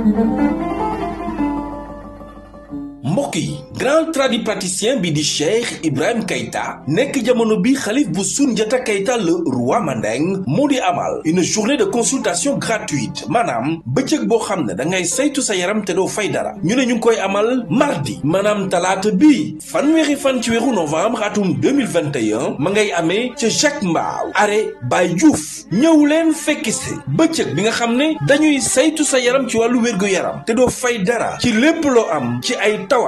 Thank you. mbokki yi grand tradipraticien bi di cheikh ibrahim Kaita, Nek jamono bi khalif bu Kaita keita le roi mandeng modi amal une journée de consultation gratuite Manam, bëccëg bo xamne da ngay saytu sa yaram te do fay dara ñu ne ñu koy amal mardi Manam talata bi fanweeri fan ci weeru novembre atum 2021 ma ngay amé ci jacques mbaw arrêt bay diouf ñew leen fekki si bi nga xamne dañuy saytu sa yaram ci walu wergu yaram te do fay dara ci lepp lo am ci ay tawa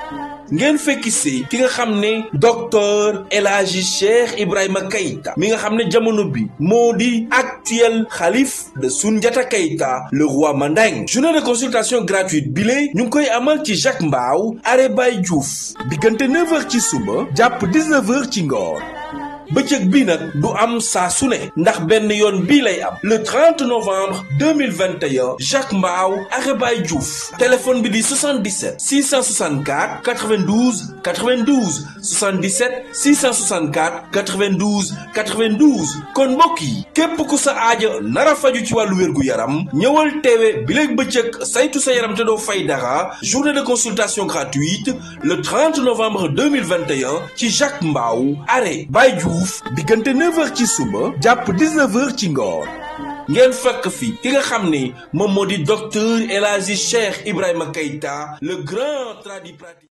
ngeen fekki si ki nga xam ne docteur El Cheikh Ibrahima Keïta mi nga xam ne jamono bi moo di actuel xalif de Sunjata Keïta le roi Mandeng journée de consultation gratuite bi lay ñu ngi koy amal ci Jacques Mbaw, arrêt Baye Diouf diggante 9h ci suba jàpp 19h ci ngoon du am le 30 novembre 2021 Jacques Mbaw Arebay Diouf téléphone bi 77 664 92 92 77 664 92 92 kon mbokk képp ku sa aaja nara faju ci wàllu wérgu yaram saytu journée de consultation gratuite le 30 novembre 2021 ci Jacques Mbaou Arebaye Diouf Diouf 9h ci suba jàpp 19h ci ngoon ngeen fekk fi ki nga xam ni moom moo di docteur El Cher Cheikh Ibrahima Keita le grand tradipraticien